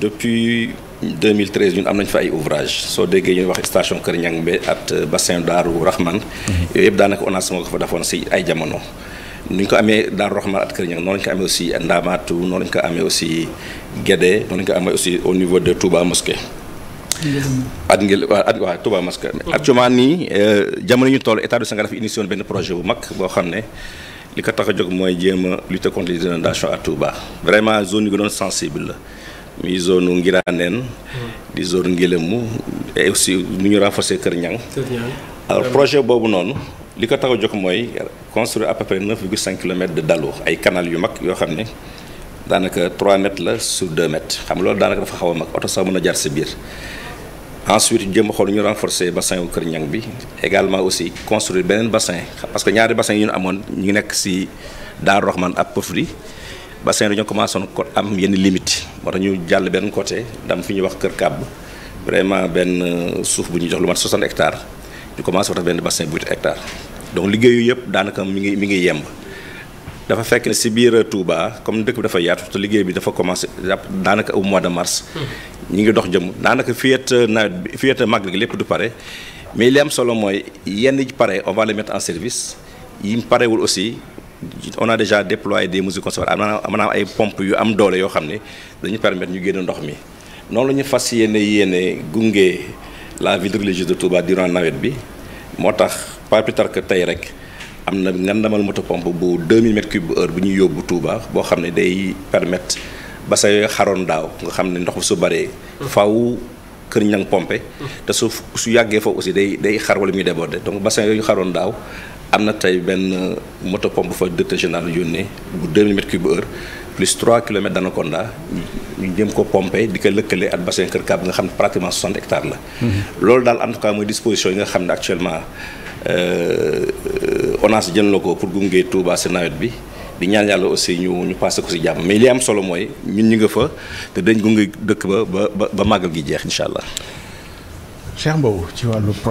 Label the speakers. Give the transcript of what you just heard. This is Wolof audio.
Speaker 1: depuis 2013 ñun am nañ fa ay ouvrage soo déggee ñu wax station Kër be at bassin Daaru Rahman mhm. yooyu yëpp daanaka ONAS moo ko fa defoon si ay jamono ni ñu ko amee Daaru Rahman at Kër Ñang noonu lañ ko amee aussi Ndaamaatu noonu lañ ko amee aussi Guédé noonu lañ ko amee aussi au niveau de Touba Mosquée at ngel at waaw Touba Mosquée actuellement nii euh, jamono ñu toll état du Sénégal dafa initié woon benn projet bu mag boo xam ne li ko tax a jóg mooy jéem a lutter contre les inondations à Touba vraiment zone yi gënoon sensible la muy zone nu Ngiraneen di zone Ngélému et aussi mu ñu renforcer Kër ñan alors projet boobu noonu li ko tax a jóg mooy construire à peu près 9,5 kilomètres de daloo ay canal yu mag yoo xam ne daanaka 3 mètres la sur 2 mètres xam loolu daanaka dafa xaw a mag oto sax mën a jaar si biir ensuite jëm a xool ñu renforcer bassin wu Kër Ñang bi également aussi construire beneen bassin parce que ñaari bassin yi ñu amoon ñu nekk si daa Daaru Rahman ak Pofdy bassin dañoo commencé woon ko am yenn limite moo tax ñu jàll benn côté dam fi ñuy wax kër kàbb vraiment benn euh, suuf bu ñu jox lu mat 60 hectares ñu commencé wax benn bassin bu 8 hectares donc liggéeyu yëpp daanaka mu ngi mi ngi yemb dafa fekk ne si biir euh, Touba comme dëkk bi dafa yaatu liggéey bi dafa commencé daanaka au mois de mars hmm. ñi ngi dox jëm daanaka fiyet euh, nawet bi fiyet màggal gi lépp du pare mais li am solo mooy yenn yi pare on yi mu parewul on a déjà déployé des mesures conservatoires maanaam maanaam ay pompes yu am doole yoo xam ne dañu permettre ñu génn ndox mi noonu la ñu fas yéene yéene gunge la ville religieuse de Touba durant nawet bi moo tax pas plus tard tey rek am na nga ndamal moto pompe bu 2000 mètres cubes heure bu ñuy yóbbu Touba boo xam ne day permettre ba sa yooyu xaroon daaw nga xam ne ndox mi su bëree. faw kër ñang pompe mm. te su su yàggee foofu aussi day day xar wala muy déborder donc bassin yooyu xaroon daaw. am na tey benn moto pompe fa directeur général yónnee bu 2000 mètres cube heure plus 3 kilomètres d'anaconda ñu jëm ko pomper di ko lëkkale ak bassin Kër Kaab nga xam ne pratiquement 60 hectares la. Mhm. loolu daal en tout cas mooy disposition yi nga xam ne actuellement euh, ONAS jën na ko pour gunge Touba si nawet bi. di ñaan yàlla aussi ñu ñu passé ko ci jàmm mais li am solo mooy ñun ñi nga fa te dañ gunge dëkk ba ba ba màggal gi jeex incha allah. Cheikh Mbow ci wàllu